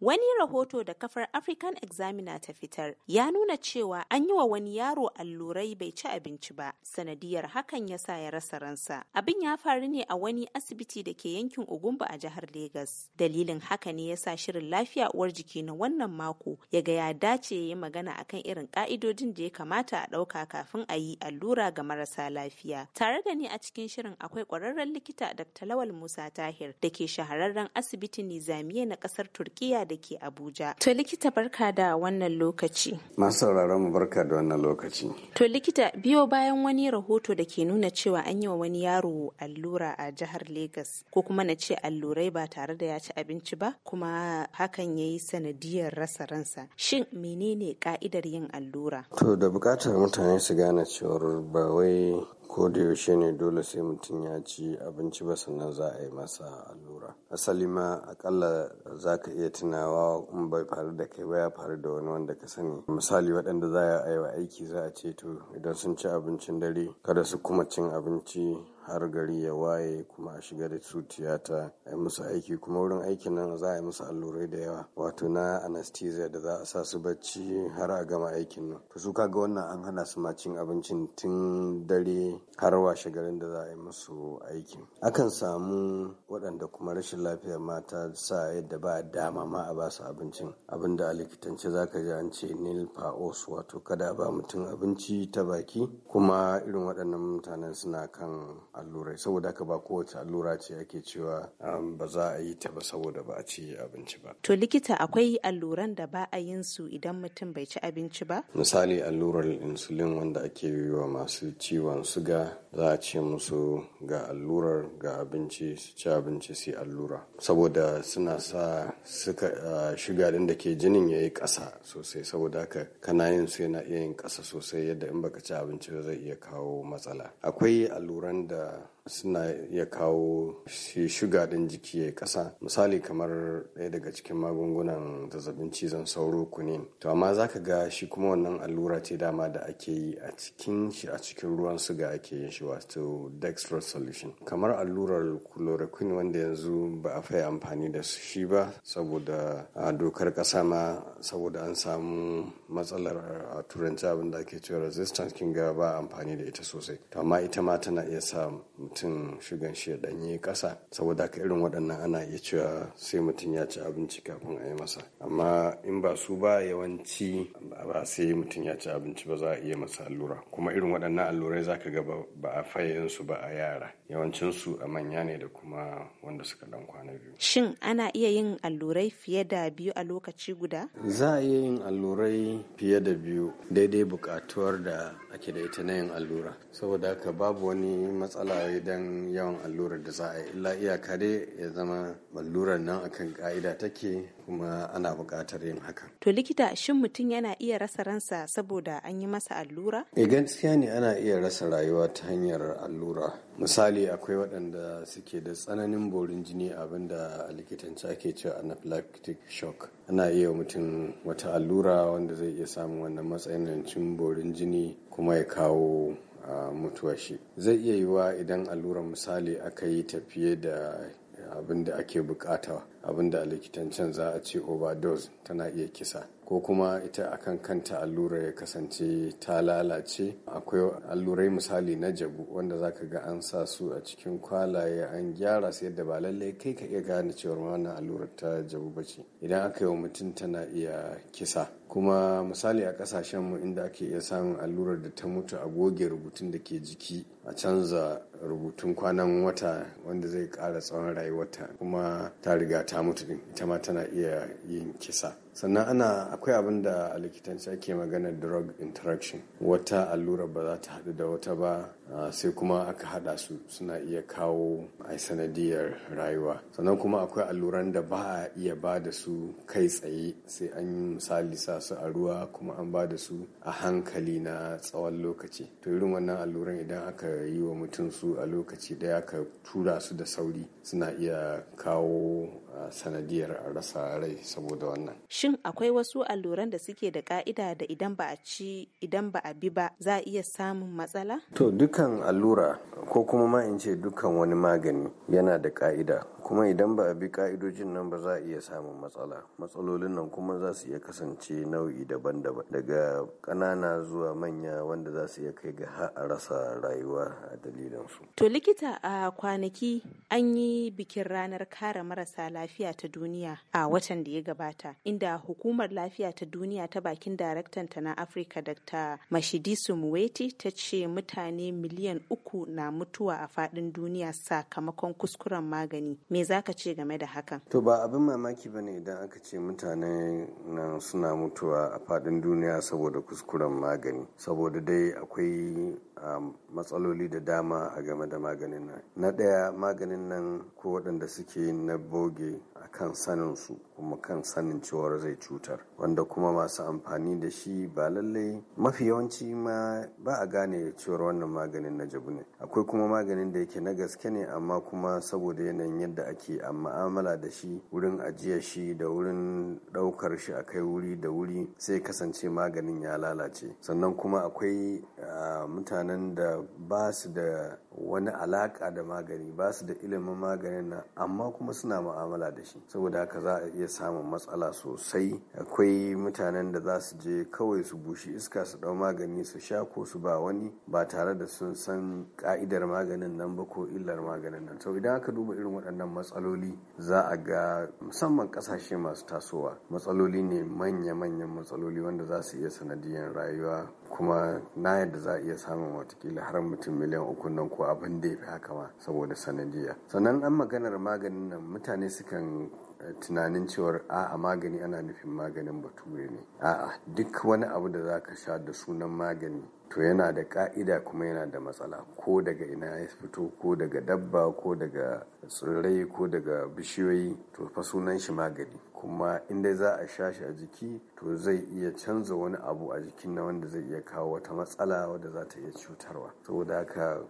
Wani rahoto da kafar African Examiner ta fitar ya nuna cewa an yi wa wani yaro allurai bai ci abinci ba, sanadiyar hakan ya sa ya rasa ransa. Abin ya faru ne a wani asibiti da ke yankin Ugumba a jihar Legas. Dalilin haka ne ya sa shirin lafiya uwar jiki na wannan mako ya ga ya dace ya yi magana akan irin ka'idojin da ya kamata a ɗauka kafin a yi allura ga marasa lafiya. Tare da ni a cikin shirin akwai ƙwararren likita Dr. Lawal Musa Tahir da ke shahararren asibitin Nizamiya na ƙasar Turkiya da ke Abuja. To likita barka da wannan lokaci. Masu sauraron mu barka da wannan lokaci. To likita biyo bayan wani rahoto da ke nuna cewa an yi wa wani yaro allura a jihar Legas ko kuma na ce allurai ba tare da ya ci abinci ba kuma hakan ya yi sanadiyar rasa ransa. Shin menene ka'idar yin allura? To da bukatar mutane su gane cewar ba wai ko da yaushe ne dole sai mutum ya ci abinci ba sannan za a yi masa allura. asali ma akalla za ka iya tunawa in bai faru da kai ba ya faru da wani wanda ka sani misali waɗanda za a yi wa aiki za a ce to idan sun ci abincin dare kada su kuma cin abinci har gari ya waye kuma a shiga da su tiyata a yi musu aiki kuma wurin aikin nan za a yi musu allurai da yawa wato na anesthesia da za a sa su bacci har a gama aikin nan to su kaga wannan an hana su ma cin abincin tun dare har washe garin da za a yi musu aiki. akan samu waɗanda kuma rashin lafiyar mata sa yadda ba dama ma a basu abincin abinda a likitance zaka ji an ce nil paos wato kada ba mutum abinci ta baki kuma irin waɗannan mutanen suna kan allurai saboda haka ba kowace allura ce ake cewa um, ba za a yi ta ba saboda ba a ci abinci ba to likita akwai alluran da ba a yin su idan mutum bai ci abinci ba misali allurar insulin wanda ake yi wa masu ciwon suga za a ce musu ga allurar ga abinci su ci abinci su allura ba saboda suna sa suka shiga da ke jinin ya yi ƙasa sosai saboda haka kana yin su yana iya yin ƙasa sosai yadda in baka ci abinci ba zai iya kawo matsala akwai alluran da suna iya kawo shi shuga ɗin jiki ya ƙasa misali kamar ɗaya daga cikin magungunan zazzabin cizon sauro kunin to amma za ka ga shi kuma wannan allura ce dama da ake yi a cikin shi a cikin ruwan suga ake yin shi wato dextrose solution kamar allurar chloroquine wanda yanzu ba a fai amfani da shi ba saboda a dokar ƙasa ma saboda an samu matsalar a turanci abin da ake cewa resistance kin ga ba amfani da ita sosai to amma ita ma tana iya sa mutum shugan shi ya ɗanye ƙasa saboda haka irin waɗannan ana iya cewa sai mutum ya ci abinci kafin a yi masa amma in ba su ba yawanci ba sai mutum ya ci abinci ba za a iya masa allura kuma irin waɗannan allurai za ka ga ba a fayin su ba a yara yawancin su a manya ne da kuma wanda suka dan kwana biyu shin ana iya yin allurai fiye da biyu a lokaci guda za a iya yin allurai fiye da biyu daidai bukatuwar da ake da ita na yin allura saboda haka babu wani matsala idan yawan allurar da za a yi illa iyaka dai ya zama allurar nan akan ka'ida take kuma ana bukatar yin haka. to likita shin mutum yana iya rasa ransa saboda an yi masa allura? E gaskiya ne ana iya rasa rayuwa ta hanyar allura. Misali akwai waɗanda suke da tsananin borin jini abinda a likitanci ake cewa anaphylactic shock. Ana iya mutum wata allura wanda zai iya samun wannan matsanancin borin jini kuma ya kawo mutuwa shi. Zai iya yiwa idan allura misali aka yi tafiye da abin da ake bukata abin da a likitancen za a ce overdose tana iya kisa ko kuma ita akan kanta allura ya kasance ta lalace akwai allurai misali na jabu wanda zaka ga an sa su a cikin kwalaye an gyara su yadda ba lallai kai ka iya gane cewar wannan allurar ta jabu ba ce idan aka yi wa mutum tana iya kisa kuma misali a kasashen mu inda ake iya samun allurar da ta mutu a goge rubutun da ke jiki a canza rubutun kwanan wata wanda zai ƙara tsawon rayuwarta kuma ta riga ta mutu din ita ma tana iya yin kisa sannan ana akwai abin da a likitanci ake magana drug interaction wata allura ba za ta hadu da wata ba sai kuma aka haɗa su suna iya kawo a sanadiyar rayuwa sannan kuma akwai alluran da ba a iya ba da su kai tsaye sai an yi misali sa su a ruwa kuma an ba da su a hankali na tsawon lokaci to irin wannan alluran idan aka yi wa mutum su a lokaci daya aka tura su da sauri suna iya kawo sanadiyar a rasa rai saboda wannan Shin akwai wasu alluran da suke da ka'ida da idan ba a ci idan ba a bi ba za a iya samun matsala? To dukkan allura ko kuma ma in dukkan wani magani yana da ka'ida kuma idan ba a bi ka'idojin nan ba za a iya samun matsala matsalolin nan kuma za su iya kasance nau'i daban-daban daga ƙanana zuwa manya wanda za su iya kai ga a rasa rayuwa a dalilin su to likita a kwanaki an yi bikin ranar kare marasa lafiya ta duniya a watan da ya gabata inda hukumar lafiya ta duniya ta bakin daraktan ta na afirka dr mashidisu muweti ta ce mutane miliyan uku na mutuwa a faɗin duniya sakamakon kuskuren magani me za ka ce game da hakan to ba abin mamaki ba ne idan aka ce mutane nan suna mutuwa a faɗin duniya saboda kuskuren magani saboda dai akwai um, matsaloli da dama a game da maganin nan na ɗaya maganin nan ko waɗanda suke na boge a kan su kuma kan sanin cewar zai cutar wanda kuma masu amfani da shi ba lallai mafi yawanci ma ba a gane cewar wannan maganin na jabu ne akwai kuma maganin da yake na gaske ne amma kuma saboda yanayin yadda ake a ma'amala da shi wurin ajiyar shi da wurin ɗaukar shi a kai wuri da wuri sai kasance maganin ya lalace sannan kuma akwai mutanen da ba su da wani alaka da magani ba su da ilimin maganin nan amma kuma suna ma'amala da shi saboda haka za a iya samun matsala sosai akwai mutanen da za su je kawai su bushe iska su dau magani su sha ko su ba wani ba tare da sun san ka'idar maganin nan ba ko illar maganin nan sau idan aka duba irin waɗannan matsaloli za a ga musamman ƙasashe masu tasowa matsaloli ne manya-manyan matsaloli wanda za su iya sanadiyar rayuwa kuma na yadda za a iya samun watakila har mutum miliyan uku nan ko abin da ya fi haka ma saboda sanadiyya sannan an maganar maganin nan mutane sukan eh, tunanin cewar a'a magani ana nufin maganin bature ne a'a duk wani abu da za ka sha da sunan magani to yana da ka'ida kuma yana da matsala ko daga ina ya fito ko daga dabba ko daga tsirrai ko daga bishiyoyi to fa sunan shi magani kuma inda za a sha shi a jiki to zai iya canza wani abu a jikin na wanda zai iya kawo wata matsala wadda za ta iya cutarwa saboda haka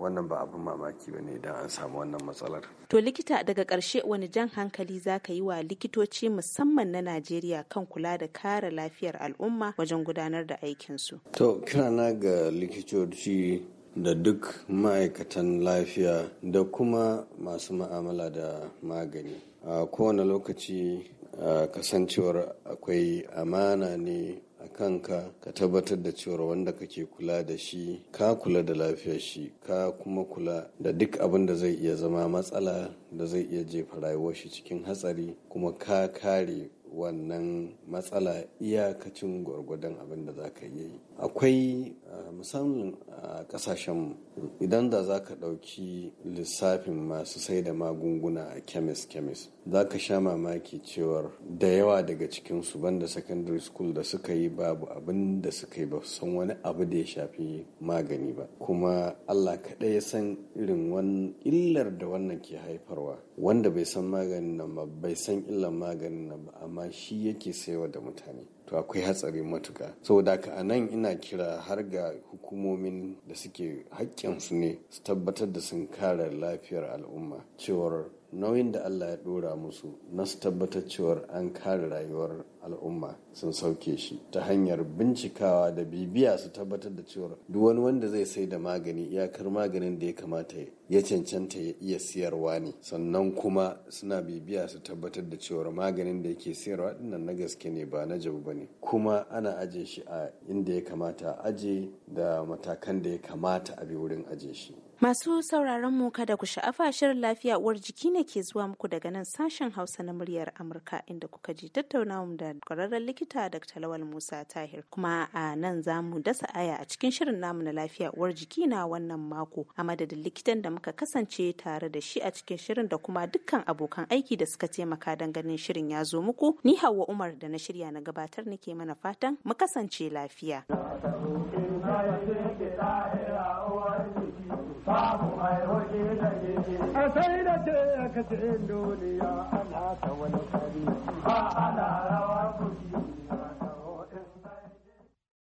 wannan ba abin mamaki ba ne idan an samu wannan matsalar to likita daga karshe wani jan hankali za ka yi wa likitoci musamman na najeriya kan kula da kare lafiyar al'umma wajen gudanar da aikinsu to kina rana ga likitoci da duk ma'aikatan lafiya da kuma masu ma'amala da magani a kowane lokaci a kasancewar akwai amana ne a kanka ka tabbatar da cewa wanda kake kula da shi ka kula da lafiyar shi ka kuma kula da duk abin da zai iya zama matsala da zai iya jefa rayuwar shi cikin hatsari kuma ka kare wannan matsala iyakacin gwargwadon abin da za ka yi akwai musamman a kasashen idan da za ka ɗauki lissafin masu sai da magunguna a kemis kemis za ka sha mamaki cewar da yawa daga cikinsu banda secondary school da suka yi babu abin da suka yi ba san wani abu da ya shafi magani ba kuma allah kaɗai ya san irin wani illar da wannan ke haifar sayarwa wanda bai san maganin nan ba bai san illan maganin nan ba amma shi yake sayarwa da mutane to akwai hatsarin matuka saboda haka a nan ina kira har ga hukumomin da suke haƙƙin su ne su tabbatar da sun kare lafiyar al'umma cewar nauyin da Allah ya ɗora musu na su tabbatar cewar an kare rayuwar al'umma sun sauke shi ta hanyar bincikawa da bibiya su tabbatar da cewar duk wani wanda zai sai da magani iyakar maganin da ya kamata ya cancanta ya iya siyarwa ne sannan kuma suna bibiya su tabbatar da cewar maganin da yake siyarwa dinnan na gaske ne ba na jabu ne. kuma ana ajiye shi a inda ya kamata aje da matakan da ya kamata a bi wurin ajiye shi Masu sauraron mu kada ku sha'afa shirin lafiya uwar jiki ne ke zuwa muku daga nan sashen Hausa na muryar Amurka inda kuka ji tattaunawa da kwararren likita Dr. Lawal Musa Tahir. Kuma a nan za mu dasa aya a cikin shirin namu na lafiya uwar jiki na wannan mako a madadin likitan da muka kasance tare da shi a cikin shirin da kuma dukkan abokan aiki da suka taimaka don ganin shirin ya zo muku. Ni Hauwa Umar da na shirya na gabatar nake mana fatan mu kasance lafiya. a sai da ce aka ce duniya ana ta wani kari a ana rawa kuki